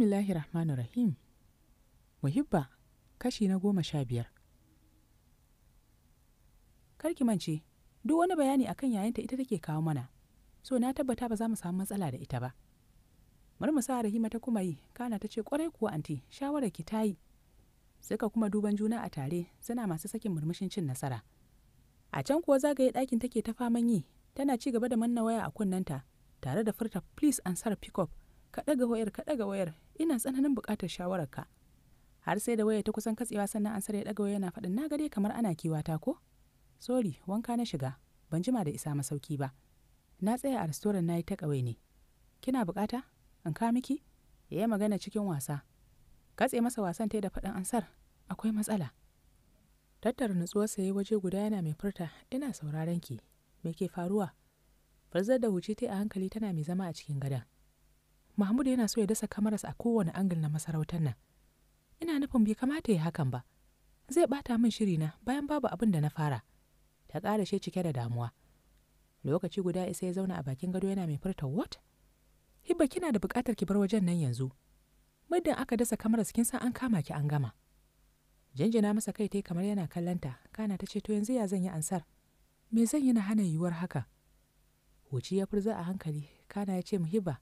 bismillahir rahmanir rahim muhibba kashi na goma sha biyar karki mance duk wani bayani akan yayanta ita take kawo mana so na tabbata ba za mu samu matsala da ita ba murmusa rahima ta kuma yi kana ta ce kwarai kuwa anti shawarar ki ta yi suka kuma duban juna a tare suna masu sakin murmushin cin nasara a can kuwa zagaye ɗakin take ta faman yi tana ci gaba da manna waya a kunnanta tare da furta please answer pick up ka ɗaga wayar ka ɗaga wayar ina tsananin buƙatar shawararka har sai da waya ta kusan katsewa sannan ansar ya ɗaga waya yana faɗin na gare kamar ana kiwata ko sori wanka na shiga ban jima da isa masauki ba na tsaya a restoran na yi ta ƙawai ne kina buƙata in ka miki ya yi magana cikin wasa katse masa wasan ta da faɗin ansar akwai matsala tattara nutsuwarsa ya waje guda yana mai furta ina sauraron ki me ke faruwa farzar da huce ta a hankali tana mai zama a cikin gadon mahmud yana so ya dasa kamaras a kowane angil na masarautar nan ina nufin bai kamata ya hakan ba zai bata min na, bayan babu abin da na fara ta ƙara shi cike da damuwa lokaci guda isa ya zauna a bakin gado yana mai furta what hibba kina da buƙatar ki bar wajen nan yanzu muddin aka dasa kamar kin san an kama ki an gama jinjina masa kai tai kamar yana kallanta kana ta ce to yanzu ya zan yi ansar me zan yi na hana yiwuwar haka huci ya furza a hankali kana ya ce mu hibba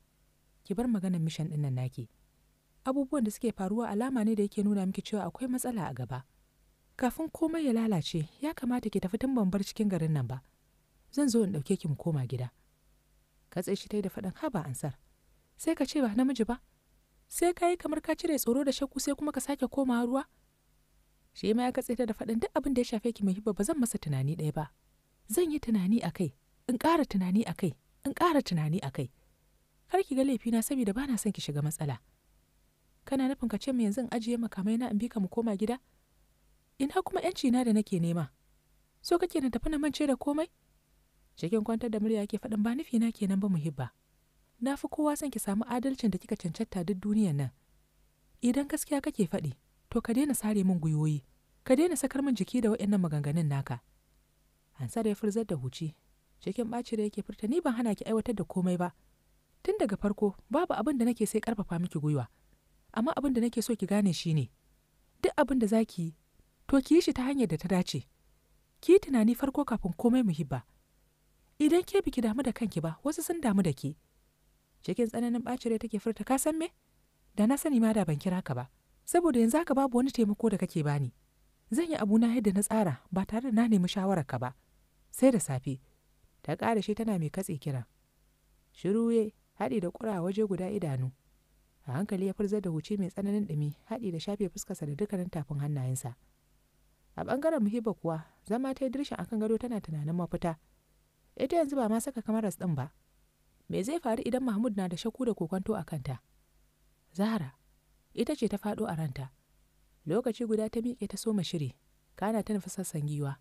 ki bar maganar mishan ɗin nan naki abubuwan da suke faruwa alama ne da yake nuna miki cewa akwai matsala a gaba kafin komai ya lalace ya kamata ki tafi tun ban bar cikin garin nan ba zan zo in ɗauke ki mu koma gida ka tsaye shi ta da faɗin haba ansar sai ka ce ba namiji ba sai ka yi kamar ka cire tsoro da shakku sai kuma ka sake komawa ruwa shi ma ya katse ta da faɗin duk abin da ya shafe ki mai hibba ba zan masa tunani ɗaya ba zan yi tunani a kai in ƙara tunani a kai in ƙara tunani a kai kar ki ga laifina saboda ba na son ki shiga matsala kana nufin ka ce mu yanzu in ajiye makamai na in bi ka mu koma gida ina kuma yanci na da nake nema so kake na tafi na mance da komai cikin kwantar da murya ke faɗin ba nufi na kenan ba muhibba na fi kowa son ki samu adalcin da kika cancanta duk duniyan nan idan gaskiya kake faɗi to ka daina sare min gwiwoyi ka daina sakar min jiki da waɗannan maganganun naka Hansar ya furzar da huci cikin ɓaci da yake furta ni ban hana ki aiwatar da komai ba tun daga farko babu abin da nake sai karfafa miki gwiwa amma abin da nake so ki gane shi ne duk abin da za ki yi to ki yi shi ta hanyar da ta dace ki yi tunani farko kafin komai muhibba idan ke biki damu da kanki ba wasu sun damu da ke cikin tsananin bacire take furta ka san me da na sani ma da ban kira ka ba saboda yanzu haka babu wani taimako da kake bani zan yi abuna yadda na tsara ba tare da na nemi shawarar ka ba sai da safe ta ƙara shi tana mai katse kira shiruye haɗi da ƙura a waje guda idanu a hankali ya furzar da huci mai tsananin ɗumi haɗi da shafe fuskarsa da dukkanin tafin hannayensa a ɓangaren muhibba kuwa zama ta yi dirshin akan gado tana tunanin mafita ita yanzu ba ma saka kamaras ɗin ba me zai faru idan mahmud na da shakku da kokonto a kanta zahara ita ce ta faɗo a ranta lokaci guda ta miƙe ta soma shiri kana ta nufi sassan giwa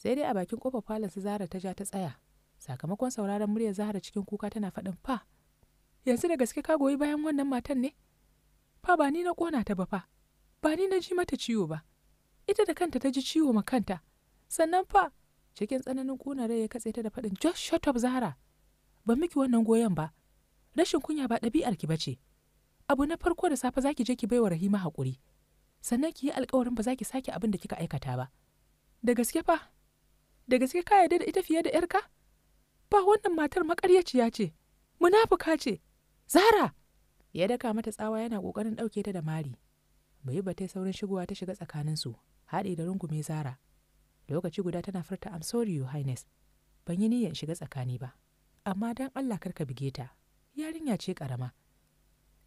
sai dai a bakin ƙofar falon su zara ta ja ta tsaya sakamakon sauraron muryar zahara cikin kuka tana faɗin fa yanzu da gaske ka goyi bayan wannan matan ne fa ba ni na ƙona ta ba fa ba ni na ji mata ciwo ba ita da kanta ta ji ciwo ma kanta sannan fa cikin tsananin ƙuna rai ya katse ta da faɗin just shut up zahara ban miki wannan goyon ba rashin kunya ba ɗabi'ar ki bace abu na farko da safe zaki je ki baiwa rahima haƙuri sannan ki yi alƙawarin ba za sake abin da kika aikata ba da gaske fa da gaske ka yarda da ita fiye da yarka ba wannan matar makaryaciya ce munafuka ce zara ya daka mata tsawa yana kokarin ɗauke ta da mari bai ba ta saurin shigowa ta shiga su haɗe da rungume zara lokaci guda tana furta i'm sorry your highness ban yi niyyar shiga tsakani ba amma dan allah karka bige ta yarinya ce karama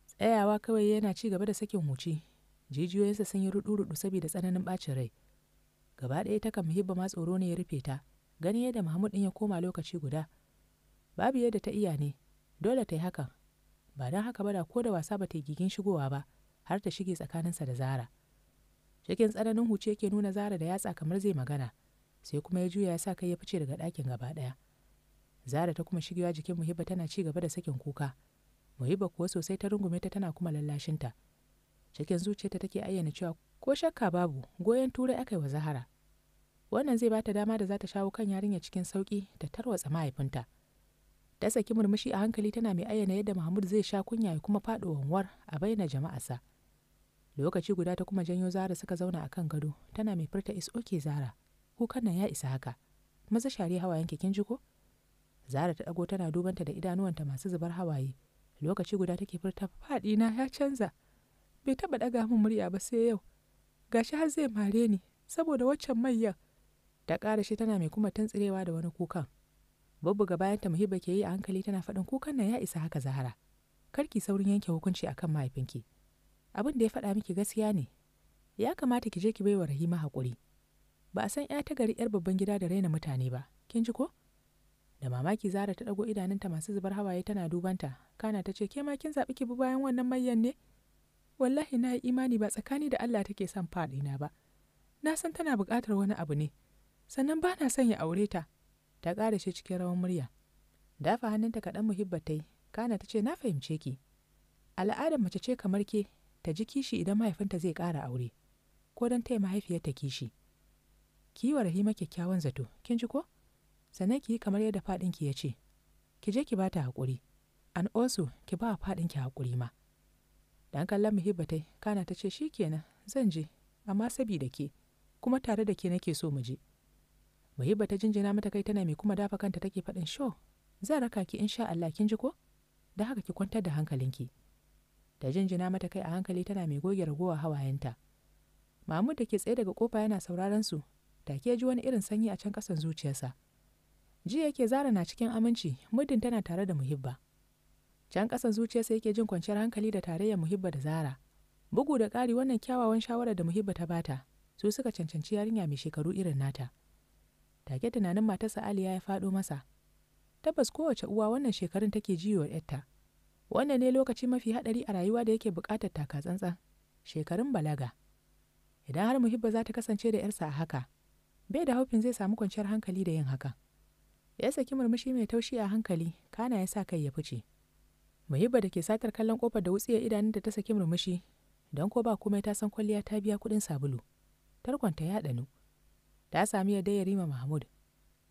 tsayawa kawai yana ci gaba da sakin huci jijiyoyinsa sun yi rudu-rudu saboda tsananin bacin rai gaba ɗaya ta kan muhibba ma tsoro ne ya rufe ta gani yadda mahmud ɗin ya koma lokaci guda babu yadda ta iya ne dole ta yi hakan ba don haka ba da ko da wasa ba ta yi gigin shigowa ba har ta shige tsakaninsa da zara cikin tsananin huce yake nuna zara da yatsa kamar zai magana sai kuma ya juya ya sa kai ya fice daga ɗakin gaba ɗaya zara ta kuma shigewa jikin muhibba tana ci gaba da sakin kuka muhibba kuwa sosai ta rungume ta tana kuma lallashinta cikin zuciyarta take ayyana cewa ko shakka babu goyon turai aka yi wa zahara wannan zai bata dama da za ta shawo kan yarinya cikin sauki da tarwatsa mahaifinta ta saki murmushi a hankali tana mai ayyana yadda mahmud zai sha kunya ya kuma faɗo wanwar a baina jama'arsa lokaci guda ta kuma janyo zara suka zauna akan gado tana mai furta is oke zara kukan nan ya isa haka maza share hawayen kin jiko?" zara ta dago tana dubanta da idanuwanta masu zubar hawaye lokaci guda take furta faɗi na ya canza bai taɓa ɗaga mun murya ba sai yau gashi har zai mare ni saboda waccan manyan ta ƙara shi tana mai kuma tantsirewa da wani kukan Babu ga bayanta muhibba ke yi a hankali tana faɗin kukan nan ya isa haka zahara karki saurin yanke hukunci akan mahaifinki abin da ya faɗa miki gaskiya ne ya kamata ki je ki baiwa rahima haƙuri ba a san ya ta gari yar babban gida da raina mutane ba kin ji ko da mamaki zara ta ɗago idanunta masu zubar hawaye tana dubanta kana ta ce ke ma kin zaɓi ki bi bayan wannan mayyan ne wallahi na yi imani ba tsakani da allah take son faɗina ba na san tana buƙatar wani abu ne sannan ba na son ya aure ta ta ƙara shi cikin rawar murya dafa hannunta kaɗan muhibbatai kana ta ce na fahimce ki al'adar mace ce kamar ke ta ji kishi idan mahaifinta zai ƙara aure ko don taya mahaifiyarta kishi ki yi wa rahima kyakkyawan zato kin ji ko sannan ki yi kamar yadda faɗin ki ya ce ki je ki ba ta haƙuri an also ki ba faɗinki haƙuri ma dan kallon muhibbatai kana ta ce shi kenan zan je amma sabida ke kuma tare da ke nake so mu je muhibba ta jinjina mata kai tana mai kuma dafa kanta take faɗin sho zan raka ki insha Allah kin ji ko da haka ki kwantar da hankalinki ta jinjina mata kai a hankali tana mai goge ragowa hawayenta Mahmud da ke tsaye daga kofa yana sauraron su take ji wani irin sanyi a can kasan zuciyarsa ji yake zara na cikin aminci muddin tana tare da muhibba can kasan zuciyarsa yake jin kwanciyar hankali da tarayyar muhibba da zara bugu da ƙari wannan kyawawan shawarar da muhibba ta bata su suka cancanci yarinya mai shekaru irin nata take tunanin matarsa aliya ya faɗo masa tabbas kowace uwa wannan shekarun take jiyo yarta wannan ne lokaci mafi haɗari a rayuwa da yake buƙatar taka tsantsan shekarun balaga idan har muhibba za ta kasance da yarsa a haka bai da haufin zai samu kwanciyar hankali da yin haka. ya saki murmushi mai taushi a hankali kana ya sa kai ya fice muhibba da ke satar kallon kofar da wutsiyar idanun da ta saki murmushi don ko ba komai ta san kwalliya ta biya kuɗin sabulu tarkonta ya ɗanu ta sami yadda ya rima mahmud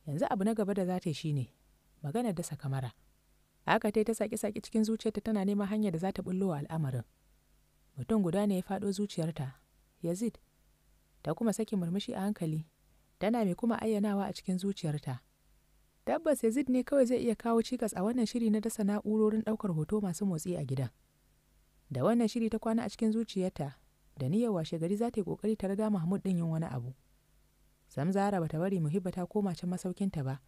yanzu abu na gaba da za ta yi shine maganar dasa kamara haka ta ta saki-saki cikin zuciyarta tana neman hanyar da za ta bullo al'amarin mutum guda ne ya faɗo zuciyarta yazid ta kuma saki murmushi a hankali tana mai kuma ayyanawa a cikin zuciyarta tabbas yazid ne kawai zai iya kawo cikas a wannan shiri na dasa na'urorin ɗaukar hoto masu motsi a gidan da wannan shiri ta kwana a cikin zuciyarta da niyyar washe gari za ta yi ƙoƙari ta riga mahmud ɗin yin wani abu sam zara bata bari muhibba ta koma can masaukinta ba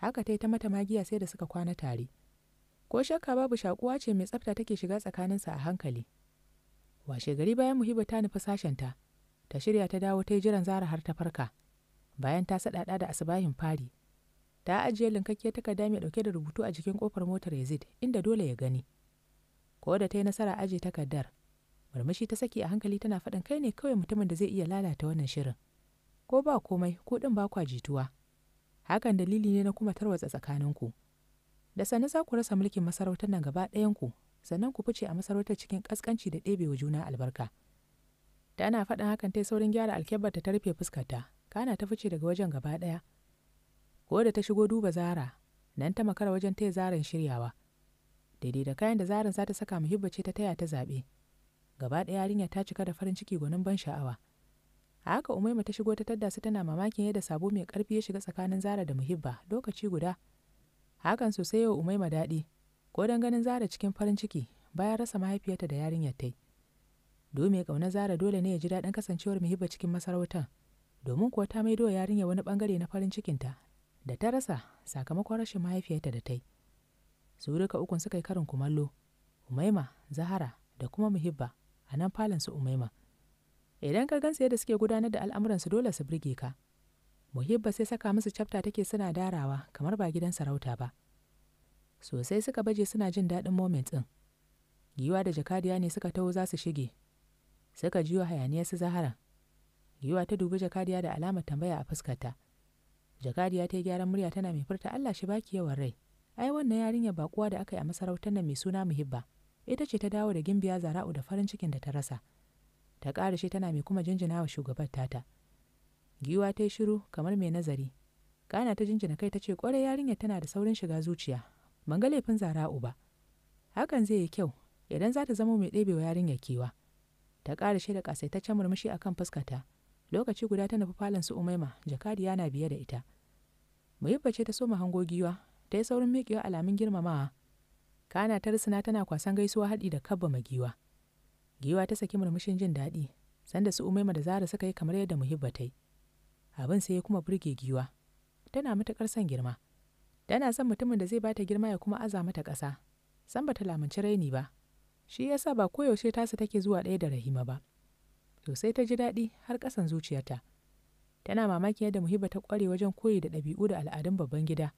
haka tai ta mata magiya sai da suka kwana tare ko shakka babu shakuwa ce mai tsafta take shiga tsakaninsa a hankali washe gari bayan muhibba ta nufi sashenta ta shirya ta dawo ta yi jiran zara har ta farka bayan ta saɗaɗa da asibahin fari ta ajiye linkakkiyar takarda mai dauke da rubutu a jikin kofar motar yazid inda dole ya gani ko da ta yi nasara ajiye takardar murmushi ta saki a hankali tana faɗin kai ne kawai mutumin da zai iya lalata wannan shirin ko ba komai ko ɗin ba kwa jituwa hakan dalili ne na kuma tarwatsa tsakaninku da sani za ku rasa mulkin masarautar nan gaba ɗayanku sannan ku fice a masarautar cikin ƙasƙanci da ɗebewa juna albarka Tana ana faɗin hakan ta yi saurin gyara alkebar ta rufe fuskarta kana ta fice daga wajen gaba ɗaya ko da ta shigo duba zara nan ta makara wajen taya zaren shiryawa daidai da kayan da zarin za ta saka muhibba ce ta taya ta zaɓe gaba ɗaya yarinya ta cika da farin ciki gwanin ban sha'awa a haka umaima ta shigo ta tadda su tana mamakin yadda sabo mai karfi ya shiga tsakanin zara da muhibba lokaci guda hakan sosai yau umaima daɗi ko don ganin zara cikin farin ciki bayan rasa mahaifiyarta da yarinyar tai do mai ƙauna zara dole ne ya ji daɗin kasancewar muhibba cikin masarautar domin kuwa ta maido yarinyar wani bangare na farin cikinta da ta rasa sakamakon rashin mahaifiyarta da ta yi su duka ukun suka yi karin kumallo umaima zahara da kuma muhibba a nan falon su umaima idan ka gansu yadda suke gudanar da al'amuransu dole su burge ka muhibba sai saka musu cafta take suna darawa kamar ba gidan sarauta ba sosai suka baje suna jin daɗin moment ɗin giwa da jakadiya ne suka taho za su shige suka jiwa hayaniyar su zahara giwa ta dubi jakadiya da alamar tambaya a fuskarta jakadiya ta yi gyaran murya tana mai furta allah shi baki yawan rai ai wannan yarinyar bakuwa da aka yi a masarautar nan mai suna muhibba ita ce ta dawo da gimbiya zara'u da farin cikin da ta rasa ta ƙarashe tana mai kuma jinjina wa shugabar tata giwa ta yi shiru kamar mai nazari kana ta jinjina kai ta ce ƙwarai yarinyar tana da saurin shiga zuciya ban ga laifin zara'u ba hakan zai yi kyau idan za ta zama mai ɗebewa yarinyar kewa ta ƙarashe da ƙasaitaccen murmushi akan fuskata lokaci guda ta nufi falon su umaima jakadiya na biye da ita Muhibba ce ta so mu hango giwa ta yi saurin miƙewa alamun girmamawa kana ta risina tana kwasan gaisuwa haɗi da kabba giwa. giwa ta saki murmushin jin daɗi sanda su umaima da zara suka yi kamar yadda muhibba ta yi abin sai ya kuma burge giwa tana matuƙar son girma tana son mutumin da zai bata girma ya kuma aza mata ƙasa san bata lamunci raini ba shi ya sa ba koyaushe tasa take zuwa ɗaya da rahima ba sosai ta ji daɗi har ƙasan zuciyarta tana mamaki yadda muhibba ta ƙware wajen koyi da ɗabi'u da al'adun babban gida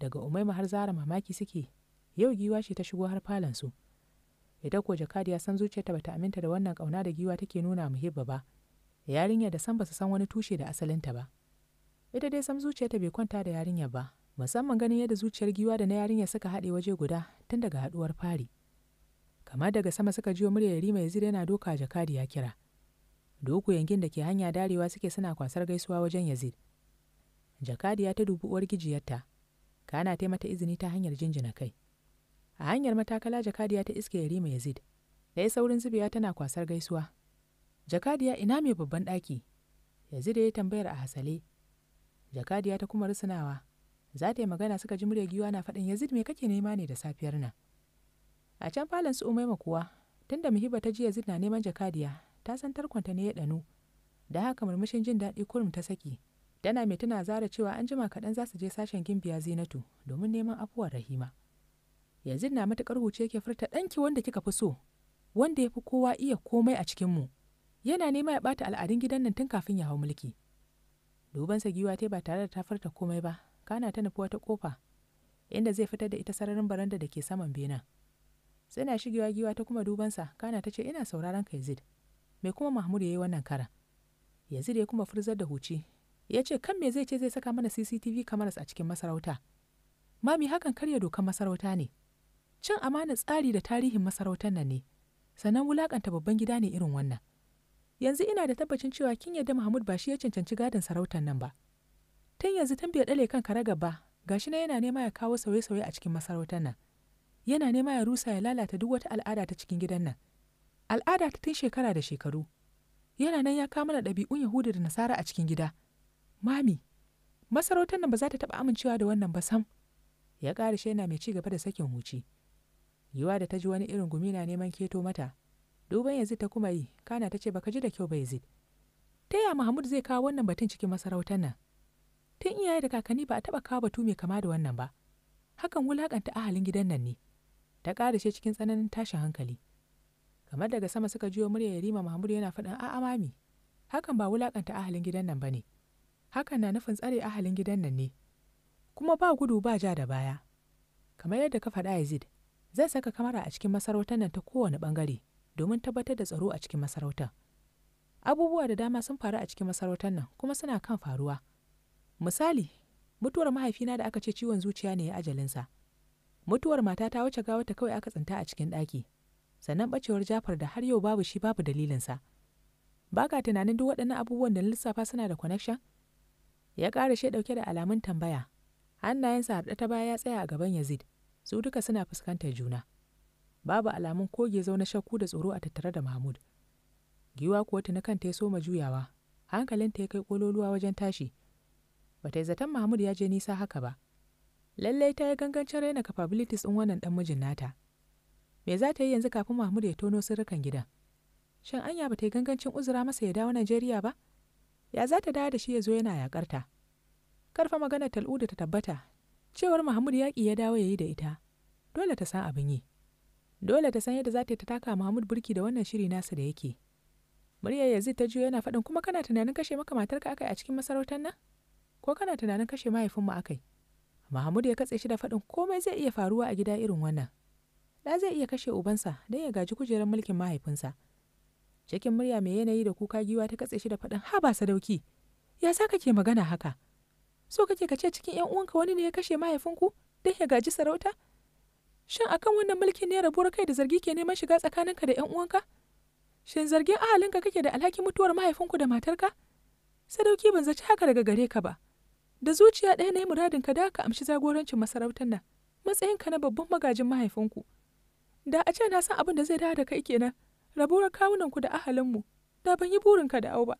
daga umaima har zara mamaki suke yau giwa ce ta shigo har falon su ita ko jakadi ya san zuciyarta bata aminta da wannan kauna da giwa take nuna muhibba ba yarinyar da san su san wani tushe da asalinta ba ita dai sam zuciyarta bai kwanta da yarinya ba musamman ganin yadda zuciyar giwa da na yarinyar suka haɗe waje guda tun daga haɗuwar fari kamar daga sama suka jiyo yari mai zira yana doka jakadi ya kira doku yankin da ke hanya darewa suke suna kwasar gaisuwa wajen yazid jakadiya ta dubi uwar gijiyarta kana taimata izini ta hanyar jinjina kai a hanyar matakala jakadiya ta iske yarima yazid da ya saurin zubewa tana kwasar gaisuwa jakadiya ina mai babban ɗaki yazid ya yi tambayar a hasale jakadiya ta kuma rusunawa za ta yi magana suka ji murya giwa na faɗin yazid me kake nema ne da safiyar nan a can falon su umaima kuwa tunda muhiba ta ji yazid na neman jakadiya ta san tarkonta ne ya ɗanu da haka murmushin jin daɗi kurum ta saki tana mai tana zara cewa an jima kaɗan za su je sashen gimbiya zinatu domin neman afuwar rahima yanzu na matuƙar huce ke furta ɗanki wanda kika fi so wanda ya fi kowa iya komai a cikin mu yana nema ya ɓata al'adun gidan nan tun kafin ya hau mulki duban sa giwa ta ba tare da ta furta komai ba kana ta nufi wata ƙofa inda zai fitar da ita sararin baranda da ke saman benen sai na shigewa giwa ta kuma dubansa kana ta ce ina sauraron ka yazid me kuma mahmud ya yi wannan kara yazid ya kuma furzar da huci ya ce kan me zai ce zai saka mana cctv cameras a cikin masarauta mami hakan karya dokan masarauta ne cin amanar tsari da tarihin masarautar nan ne sannan wulakanta babban gida ne irin wannan yanzu ina da tabbacin cewa kin yadda Mahmud ba shi ya cancanci gadin sarautar nan ba tun yanzu tun bai dale kan karagar ba gashi na yana nema ya kawo sauye-sauye a cikin masarautar nan yana nema ya rusa ya lalata duk wata al'ada ta cikin gidan nan al'ada ta tun shekara da shekaru yana nan ya kama na ɗabi'un yahudu da nasara a cikin gida mami masarautar nan ba za ta taɓa amincewa da wannan ba sam ya ƙarashe yana mai ci gaba da sakin huci yiwa da ta ji wani irin gumi na neman keto mata duban yanzu ta kuma yi kana ta ce baka ji da kyau ba yazid ta yaya mahmud zai kawo wannan batun cikin masarautar nan tun iyaye da kakanni ba a taɓa kawo batu mai kama da wannan ba hakan wulakanta ahalin gidan nan ne ta shi cikin tsananin tashin hankali kamar daga sama suka jiyo murya yarima mahmud yana faɗin a'a mami hakan ba wulakanta ahalin gidan nan ba ne hakan na nufin tsare ahalin gidan nan ne kuma ba gudu ba ja da baya kamar yadda ka faɗa yazid zai saka kamara a cikin masarautar nan ta kowane bangare domin tabbatar da tsaro a cikin masarautar abubuwa da dama sun faru a cikin masarautar nan kuma suna kan faruwa misali mutuwar mahaifina da aka ce ciwon zuciya ne ya ajalinsa mutuwar matata wacce ta kawai aka tsinta a cikin ɗaki sannan bacewar jafar da har yau babu shi babu dalilinsa ba ka tunanin duk waɗannan abubuwan da lissafa suna da connection ya ƙara shi ɗauke da alamun tambaya hannayensa harɗe ta baya ya tsaya a gaban yazid su duka suna fuskantar juna babu alamun koge zaune shakku da tsoro a tattare da mahmud giwa kuwa tuni kanta ya soma juyawa hankalinta ya kai kololuwa wajen tashi ba ta yi zaton mahmud ya je nisa haka ba lallai ta yi gangancin raina capabilities ɗin wannan dan mijin nata me za ta yi yanzu kafin mahmud ya tono sirrukan gidan shin anya ba ta yi gangancin uzura masa ya dawo najeriya ba ya za ta dawo da shi ya zo yana yakarta karfa maganar tal'udu ta tabbata cewar mahmud yaƙi ya dawo ya yi da ita dole ta san abin yi dole ta san yadda za ta taka mahmud burki da wannan shiri nasa da yake muryar yazid ta juyo yana faɗin kuma kana tunanin kashe maka matarka akai a cikin masarautar nan ko kana tunanin kashe mahaifinmu akai mahmud ya katse shi da faɗin komai zai iya faruwa a gida irin wannan ɗa zai iya kashe ubansa don ya gaji kujerar mulkin mahaifinsa cikin murya mai yanayi da kuka giwa ta katse shi da faɗin ha ba sadauki ya sa kake magana haka so kake ka ce cikin yan uwanka wani ne ya kashe mahaifinku dan ya gaji sarauta shin akan wannan mulkin ne rabuwar kai da zargi ke neman shiga tsakaninka da yan uwanka shin zargin ahalinka kake da alhakin mutuwar mahaifinku da matarka sadauki ban zaci haka daga gare ka ba da zuciya ɗaya na yi muradin ka da ka amshi jagorancin masarautar nan matsayinka na babban magajin mahaifinku da a ce na san abin da zai dawo da kai kenan rabuwar kawunanku da ahalinmu da ban yi burinka da au ba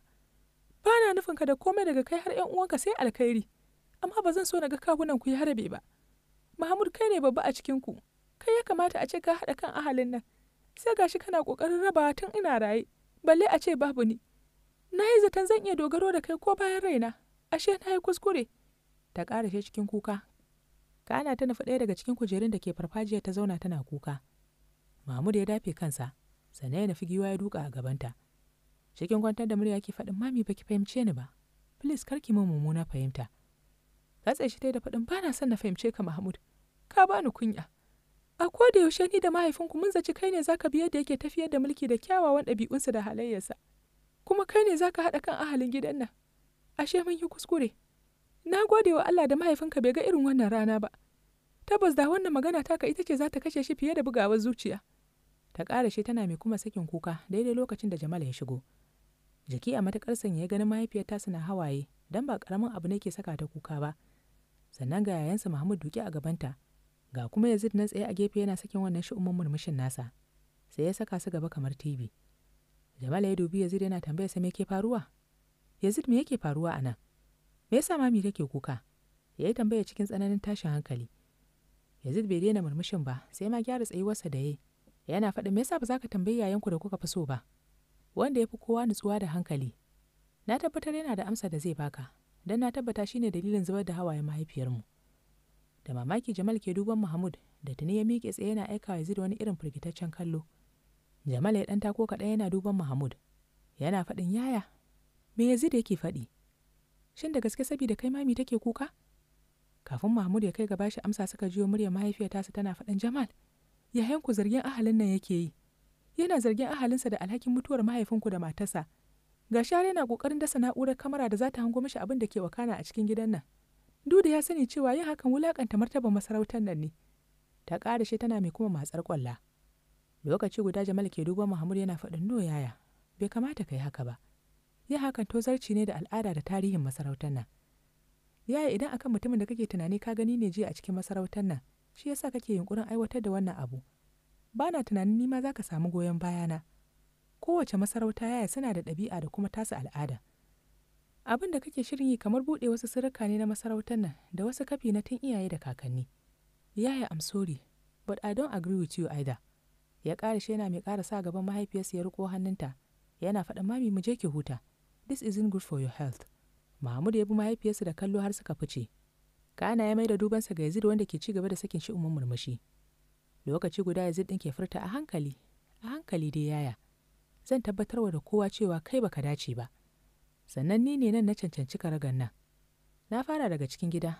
bana nufinka da komai daga kai har yan uwanka sai alkhairi amma ba zan so na ga kawunan ku ya harabe ba Mahmud kai ne babba a cikin ku kai ya kamata a ce ka haɗa kan ahalin nan sai gashi kana ƙoƙarin rabawa tun ina raye balle a ce babu ni na yi zaton zan iya dogaro da kai ko bayan raina ashe na yi kuskure ta ƙarashe cikin kuka kana ta nufi ɗaya daga cikin kujerun da ke farfajiya ta zauna tana kuka mahmud ya dafe kansa sannan ya nufi giwa ya duka a gabanta cikin kwantar da murya ke faɗin mami baki fahimce ni ba please kar ki min mummuna fahimta Latsa shi da faɗin ba na son na fahimce ka Mahmud. Ka bani kunya. A ko da yaushe ni da mahaifinku mun zaci kai ne zaka bi yadda yake tafiyar da mulki da kyawawan ɗabi'unsa da halayyarsa. Kuma kai ne zaka haɗa kan ahalin gidan nan. Ashe mun yi kuskure. Na gode wa Allah da mahaifinka bai ga irin wannan rana ba. Tabbas da wannan magana taka ita ce za ta kashe shi fiye da bugawar zuciya. Ta ƙara shi tana mai kuma sakin kuka daidai lokacin da Jamal ya shigo. Jiki a matuƙar sanya ya ganin mahaifiyar ta na hawaye dan ba ƙaramin abu ne ke saka ta kuka ba. sannan ga yayansa Muhammad duke a gabanta ga kuma Yazid na tsaye a gefe yana sakin wannan shi'umin murmushin nasa sai ya saka su gaba kamar TV Jamal ya dubi Yazid yana tambaya sa me ke faruwa Yazid me yake faruwa a nan me yasa mami take kuka ya yi tambaya cikin tsananin tashin hankali Yazid bai daina murmushin ba sai ma gyara tsayuwarsa da yayi yana faɗi me yasa ba za ka tambayi yayanku da kuka fi so ba wanda ya fi kowa nutsuwa da hankali na tabbatar yana da amsa da zai baka don na tabbata shi ne dalilin zubar da hawaye mahaifiyarmu da mamaki jamal ke duban mahmud da tuni ya miƙe tsaye yana aika yazid wani irin firgitaccen kallo jamal ya ɗan tako kaɗan yana duban mahmud yana faɗin yaya me yazid yake faɗi shin da gaske saboda kai mami take kuka kafin mahmud ya kai gaba shi amsa suka jiyo muryar mahaifiyar tasa tana faɗin jamal yayanku zargin ahalin nan yake yi yana zargin ahalinsa da alhakin mutuwar mahaifinku da matarsa ga share yana kokarin dasa na'urar kamara da za ta hango mishi abin da ke wakana a cikin gidan nan duda ya sani cewa yin hakan wulakanta martaban masarautar nan ne ta karashe tana mai kuma matsar kwalla lokaci guda jamal ke duban muhammad yana faɗin no yaya bai kamata ka yi haka ba yin hakan tozarci ne da al'ada da tarihin masarautar nan yaya idan akan mutumin da kake tunani ka gani ne jiya a cikin masarautar nan shi yasa kake yunkurin aiwatar da wannan abu ba na tunanin nima za ka samu goyon bayana kowace masarauta yaya suna da ɗabi'a da kuma tasa al'ada abin da kake shirin yi kamar buɗe wasu sirrika ne na masarautar nan da wasu kafi na tun iyaye da kakanni yaya am sorry but i don't agree with you either ya ƙara shi yana mai ƙara sa gaban mahaifiyarsa ya riko hannunta yana faɗa mami mu je ki huta this isn't good for your health mahmud ya bi mahaifiyarsa da kallo har suka fice kana ya maida da dubansa ga yazid wanda ke ci gaba da sakin shi umman murmushi lokaci guda yazid ɗin ke furta a hankali a hankali dai yaya zan tabbatar wa da kowa cewa kai baka dace ba sannan ni ne nan na cancanci karagan nan na fara daga cikin gida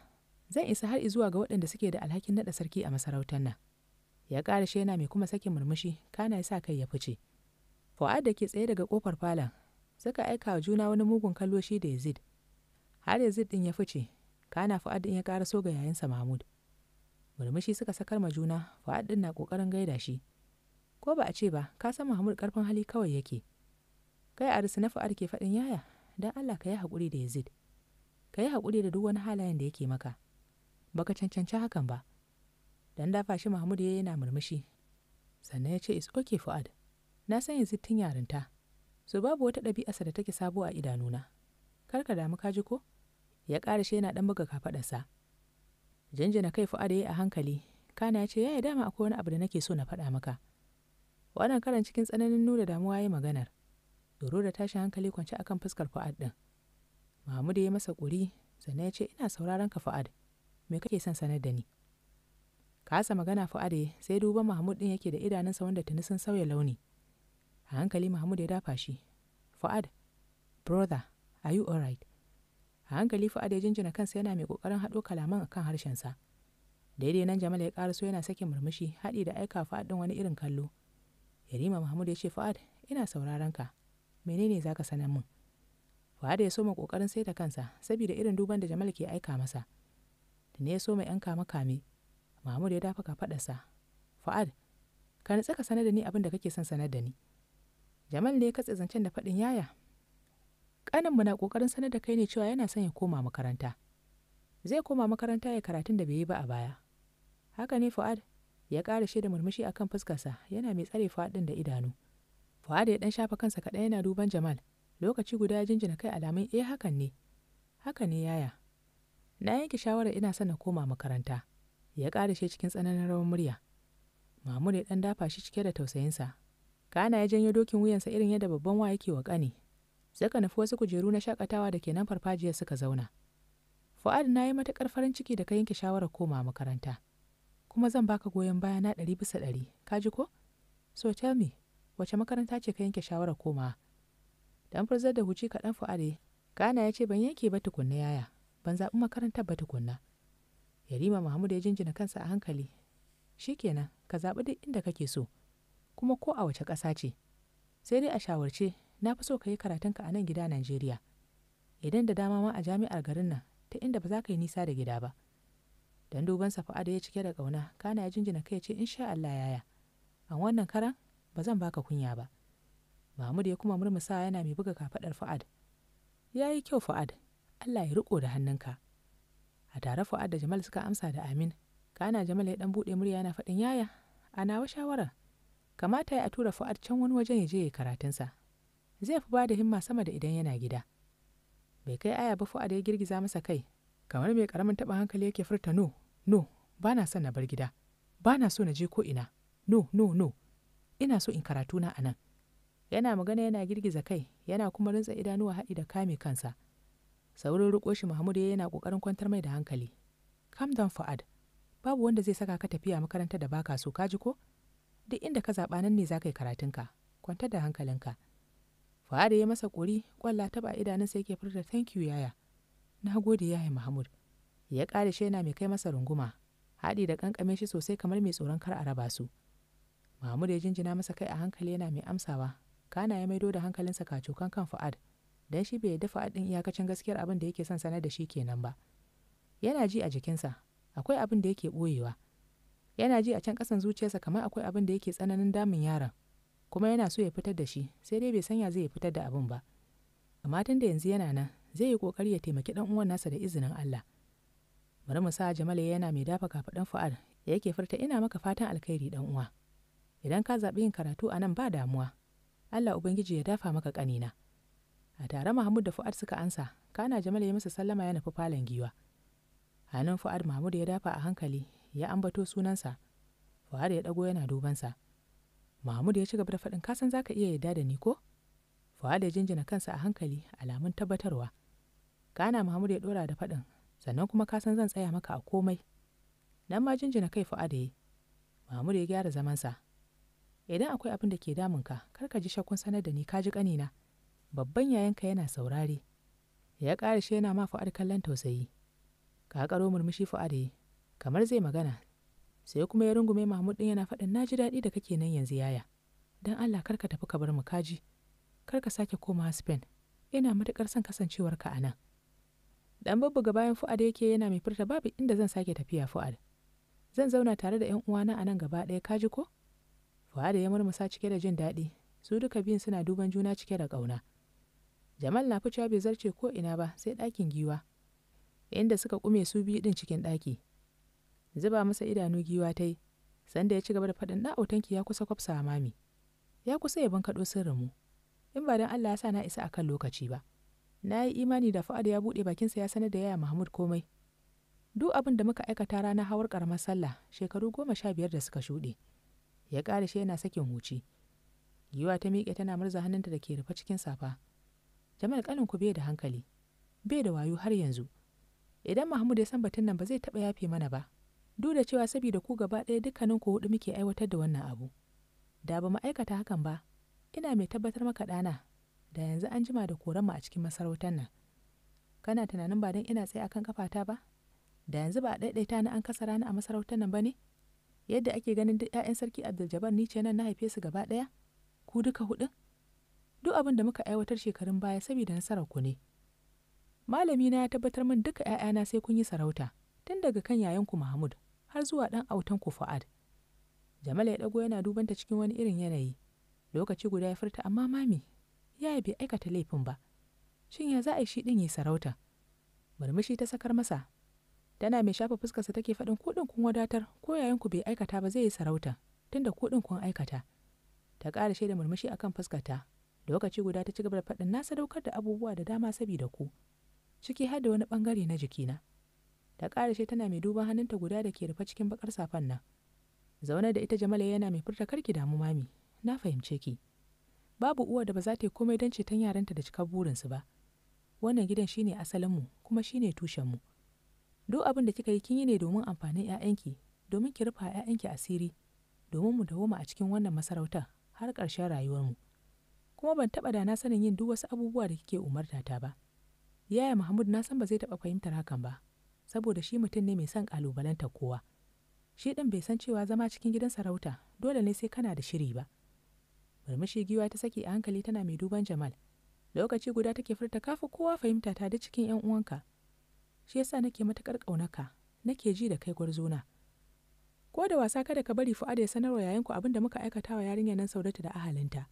zan isa har zuwa ga waɗanda suke da alhakin naɗa sarki a masarautar nan ya ƙara shena mai kuma sakin murmushi kana sa kai ya fice fa'ad da ke tsaye daga kofar falon suka aika wa juna wani mugun kallo shi da yazid har yazid ɗin ya fice kana fa'ad din ya ƙara so ga yayinsa mahmud murmushi suka sakar ma juna fa'ad din na ƙoƙarin gaida shi ko ba a ce ba ka san mahmud karfin hali kawai yake kai a na fa'ar ke faɗin yaya don allah ka yi haƙuri da yazid ka yi haƙuri da duk wani halayen da yake maka baka cancanci hakan ba dan dafa shi mahmud ya yana murmushi sannan ya ce is okay fu'ad na san yanzu tun yarinta so babu wata ɗabi'arsa da take sabo a idanuna kar ka damu ka ji ko ya ƙara shi yana ɗan buga kafaɗarsa Jinjina kai fu'ad ya yi a hankali kana ya ce yaya dama akwai wani abu da nake so na faɗa maka wannan karan cikin tsananin nuna damuwa ya maganar tsoro da tashin hankali kwance akan fuskar fa'ad din mahmud ya masa kuri sannan ya ce ina sauraron ka fa'ad me kake son sanar da ni kasa magana fa'ade sai duban mahmud din yake da idanunsa wanda tuni sun sauya launi a hankali mahmud ya dafa shi fa'ad brother are you alright a hankali fa'ad ya jinjina kansa yana mai kokarin hado kalaman akan harshensa daidai nan jamal ya karaso yana sake murmushi haɗi da aika fa'ad din wani irin kallo Yarima Mahmud ya ce Fu'ad ina sauraron ka menene zaka sanar min Fu'ad ya soma kokarin saita kansa saboda irin duban da Jamal ke aika masa da ya soma yan kama kame Mahmud ya dafa sa Fu'ad ka nutsa ka sanar da ni abin da kake son sanar da ni Jamal ne ya katse zancen da faɗin yaya kaninmu na kokarin sanar da kai ne cewa yana son ya koma makaranta zai koma makaranta ya karatun da bai yi ba a baya haka ne Fu'ad ya ƙara da murmushi a kan fuskarsa yana mai tsare faɗin da idanu fuad ya ɗan shafa kansa kaɗan yana duban jamal lokaci guda ya jinjina kai alamun eh hakan ne haka ne yaya na yanke shawarar ina son na koma makaranta ya ƙara shi cikin tsananin rawar murya mamur ya ɗan dafa shi cike da tausayinsa kana ya janyo dokin wuyansa irin yadda babban wa yake wa ƙani suka nufi wasu kujeru na shakatawa da kenan nan farfajiya suka zauna fuad na yi matuƙar farin ciki da ka yanke shawarar koma makaranta kuma zan baka goyon baya na ɗari bisa ɗari ka ji ko so tell me wace makaranta ce ka yanke shawarar komawa dan furzar da huci kaɗan fu'ade kana ya ce ban yanke ba tukunna yaya ban zaɓi makarantar ba tukunna yarima mahmud ya jinjina kansa a hankali shikenan ka zaɓi duk inda kake so kuma ko a wace ƙasa ce sai dai a shawarce na fi so ka yi karatunka a nan gida najeriya idan da dama ma a jami'ar garin nan ta inda ba za ka yi nisa da gida ba don duban sa fa'ada ya cike da ƙauna kana ya jinjina kai ce insha Allah yaya a wannan karan ba zan baka kunya ba Mahmud ya kuma murmusa yana mai buga kafaɗar Fa'ad. Ya yi kyau Fa'ad, Allah ya riko da hannunka. A tare Fa'ad da Jamal suka amsa da amin. Kana Jamal ya dan buɗe murya yana faɗin yaya, a nawa shawara. Kamata ya tura Fa'ad can wani wajen ya je ya karatunsa. Zai fi ba da himma sama da idan yana gida. Bai kai aya ba Fa'ad ya girgiza masa kai, kamar mai karamin taɓa hankali yake furta no no ba na son na bar gida ba na so na je ko ina no no no ina so in karatu na anan yana magana yana girgiza kai yana kuma rintsa idanuwa haɗi da kame kansa saurin riko shi ya yana kokarin kwantar mai da hankali calm down fa'ad babu wanda zai saka ka tafiya makaranta da baka so kaji ko duk inda ka zaɓa nan ne za ka yi karatunka kwantar da hankalinka fa'ad ya masa ƙuri ƙwalla taɓa idanunsa yake furta thank you yaya na gode yahi mahmud ya kare shi yana mai kai masa runguma haɗi da ƙanƙame shi sosai kamar mai tsoron kar a raba su mahmud ya jinjina masa kai a hankali yana mai amsawa kana ya maido da hankalinsa kacokan kan fa'ad dan shi bai dafa adin iyakacin gaskiyar abin da yake son sanar da shi kenan ba yana ji a jikinsa akwai abin da yake ɓoyewa yana ji a can ƙasan zuciyarsa kamar akwai abin da yake tsananin damun yaron kuma yana so ya fitar da shi sai dai bai sanya zai fitar da abin ba amma tun da yanzu yana nan zai yi ƙoƙari ya taimaki ɗan uwan nasa da izinin Allah. Bari mu sa Jamal yana mai dafa kafaɗan Fu'ad yake furta ina maka fatan alkhairi dan uwa. Idan ka zaɓi yin karatu a nan ba damuwa. Allah Ubangiji ya dafa maka kanina A tare Mahmud da Fu'ad suka ansa, kana Jamal ya masa sallama ya nufi falon giwa. Hannun Fu'ad Mahmud ya dafa a hankali, ya ambato sunansa. Fu'ad ya dago yana dubansa. Mahmud ya ci gaba da faɗin kasan za ka iya yarda da ni ko? Fu'ad ya jinjina kansa a hankali alamun tabbatarwa. Gana Mahmud ya ɗora da faɗin sannan kuma ka san zan tsaya maka a komai nan ma jinjina kai da yi Mahmud ya gyara zamansa idan akwai abin da ke damun ka kar ka ji shakkun sanar da ni ka ji ƙanina babban yayanka yana saurare ya ƙarashe yana ma fa'ar kallon tausayi ka ƙaro murmushi da yi kamar zai magana sai kuma ya rungume Mahmud ɗin yana faɗin na ji daɗi da kake nan yanzu yaya dan Allah kar ka tafi ka bar mu kaji kar ka sake koma Spain ina matukar son kasancewarka a nan dan bubbuga bayan fu'ad yake yana mai furta babu inda zan sake tafiya fu'ad zan zauna tare da 'yan uwana a nan gaba ɗaya kaji ko fu'ad ya murmusa cike da jin daɗi su duka biyun suna duban juna cike da ƙauna jamal na ficewa bai zarce ko ina ba sai ɗakin giwa inda suka ƙume su biyu ɗin cikin ɗaki zuba masa idanu giwa ta yi sanda ya ci gaba da faɗin ɗa'autanki ya kusa kwafsa mami ya kusa ya bankaɗo sirrinmu in ba don allah ya sa na isa akan lokaci ba na yi imani da fa'ad ya buɗe bakinsa ya sanar da yaya mahmud komai duk abin da muka aikata rana hawar karamar sallah shekaru goma sha biyar da suka shuɗe ya ƙare shi yana sakin huci giwa ta miƙe tana murza hannunta da ke rufe cikin safa jamal kanin ku bai da hankali bai da wayo har yanzu idan mahmud ya san batun nan ba zai taɓa yafe mana ba duk da cewa saboda ku gaba ɗaya dukkanin ku hudu muke aiwatar da wannan abu da ba mu aikata hakan ba ina mai tabbatar maka ɗana da yanzu an jima da koranmu a cikin masarautar nan kana tunanin ba dan ina tsaye akan kafata ba da yanzu ba a ɗaiɗaita ni an kasa rana a masarautar nan ba ne yadda ake ganin duk 'ya'yan sarki abdul ni ce nan na haife su gaba ɗaya ku duka huɗun duk abin da muka aiwatar shekarun baya saboda nasarar ku ne malami na ya tabbatar min duka 'ya'yana sai kun yi sarauta tun daga kan yayanku mahmud har zuwa ɗan autan ku fu'ad jamala ya ɗago yana dubanta cikin wani irin yanayi lokaci guda ya furta amma mami yaya bai aikata laifin ba shin ya za a yi shi ɗin ya sarauta murmushi ta sakar masa tana mai shafa fuskarsa take faɗin kuɗin kun wadatar ko yayin ku bai aikata ba zai yi sarauta tunda kuɗin kun aikata ta ƙara shaida murmushi akan fuskarta lokaci guda ta ci gaba da faɗin na sadaukar da abubuwa da dama saboda ku ciki har da wani ɓangare na jikina ta ƙara shaida tana mai duban hannunta guda da ke rufe cikin bakar safan nan zaune da ita jamala yana mai furta karki damu mami na fahimce ki babu uwa da ba za ta yi komai don ceton yaranta da cikar burinsu ba wannan gidan shine asalinmu kuma shine tushenmu duk abin da kika yi kin yi ne domin amfanin 'ya'yanki domin ki rufa 'ya'yanki asiri domin mu dawoma a cikin wannan masarautar har ƙarshen mu. kuma ban taɓa da na sanin yin duk wasu abubuwa da kike umarta ta ba yaya mahmud na san ba zai taɓa fahimtar hakan ba saboda shi mutum ne mai son ƙalubalantar kowa shi ɗin bai san cewa zama cikin gidan sarauta dole ne sai kana da shiri ba murmushi giwa ta saki a hankali tana mai duban jamal lokaci guda take furta kafa kowa fahimta ta da cikin yan uwanka shi yasa nake matakar ƙaunaka nake ji da kai gwarzona ko da wasa kada ka bari fu'ada ya sanarwa yayanku abin da muka aikata wa yarinyar nan saudatu da ahalinta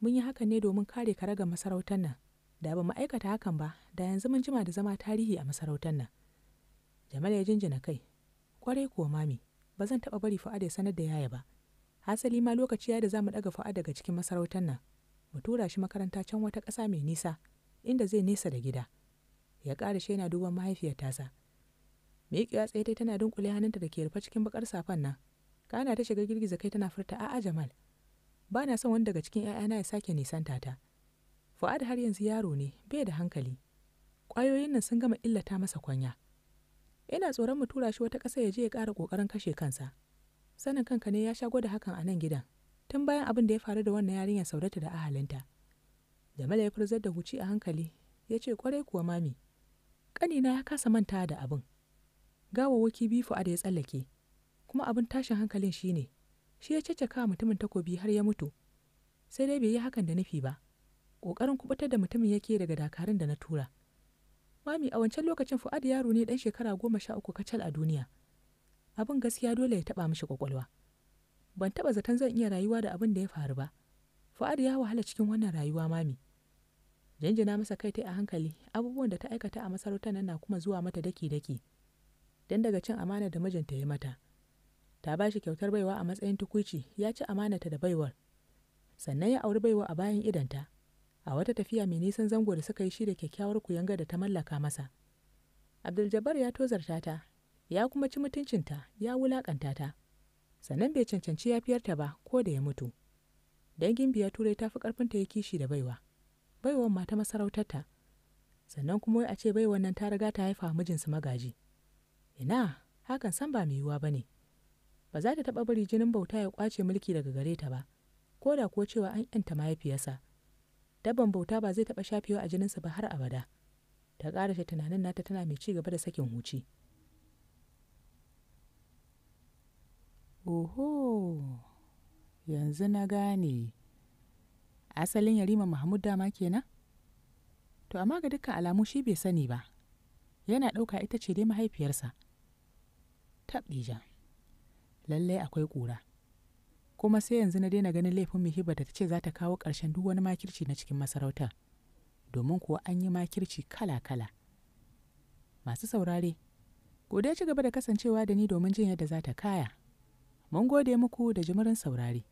mun yi hakan ne domin kare ka raga masarautar nan da ba mu aikata hakan ba da yanzu mun jima da zama tarihi a masarautar nan jamal ya jinjina kai kwarai kuwa mami ba zan taɓa bari fu'ada ya sanar da yaya ba hasali ma lokaci ya da za mu ɗaga fa'a daga cikin masarautar nan mu tura shi makaranta can wata ƙasa mai nisa inda zai nesa da gida ya ƙara shi yana duban mahaifiyar tasa miƙewa tsaye tana dunƙule hannunta da ke rufe cikin bakar safan nan kana ta shiga girgiza kai tana furta a'a jamal ba na son wani daga cikin 'ya'yana ya sake nisanta ta fa'ad har yanzu yaro ne bai da hankali ƙwayoyin nan sun gama illata masa kwanya ina tsoron mu tura shi wata ƙasa ya je ya ƙara ƙoƙarin kashe kansa sanin kanka ne ya sha gwada hakan a nan gidan tun bayan abin da ya faru da wannan yarinyar saurata da ahalinta jamila ya furzar da huci a hankali ya ce kwarai kuwa mami ƙanina ya kasa manta da abin gawawwaki biyu fu'ada ya tsallake kuma abin tashin hankalin shi ne. shi ya caccaka mutumin takobi har ya mutu sai dai bai yi hakan da nufi ba ƙoƙarin kubutar da mutumin yake daga dakarun da na tura mami a wancan lokacin fu'ad yaro ne ɗan shekara goma sha uku kacal a duniya abin gaskiya dole ya taɓa mishi kwakwalwa ban taɓa zaton zan iya rayuwa da abin da ya faru ba fa'ad ya wahala cikin wannan rayuwa mami janjina masa kai ta a hankali abubuwan da ta aikata a masarautar nan na kuma zuwa mata daki-daki dan daga cin amana da mijinta ya mata ta ba shi kyautar baiwa a matsayin tukuici ya ci amanata da baiwar sannan ya auri baiwa a bayan idanta a wata tafiya mai nisan zango da suka yi shi da kyakkyawar kuyanga da ta mallaka masa abdul ya tozarta ta ya kuma ci mutuncinta ya wulaƙanta ta sannan bai cancanci yafiyarta ba ko da ya mutu dangin biya turai ta fi ƙarfin ta ya kishi da baiwa baiwan ma ta masarautarta sannan kuma a ce baiwan nan ta riga ta haifa mijinsu magaji ina hakan san ba mai yiwuwa ba ne ba za ta taɓa bari jinin bauta ya ƙwace mulki daga gare ta ba ko da kuwa cewa an ‘yanta mahaifiyarsa dabban bauta ba zai taɓa shafewa a jininsa ba har abada ta ƙarashe tunanin nata tana mai ci gaba da sakin huci. Oho! Yanzu na gane. Asalin Yarima Mahmud dama kenan? To amma ga dukkan alamu shi bai sani ba. Yana ɗauka ita ce dai mahaifiyarsa. Taɓija. Lallai akwai ƙura. Kuma sai yanzu na daina ganin laifin hibar da ta ce za ta kawo ƙarshen duk wani makirci na cikin masarautar. Domin kuwa an yi makirci kala-kala. Masu saurare, ku dai ci gaba da kasancewa da ni domin jin yadda za ta kaya. Mun gode muku da jimirin saurari.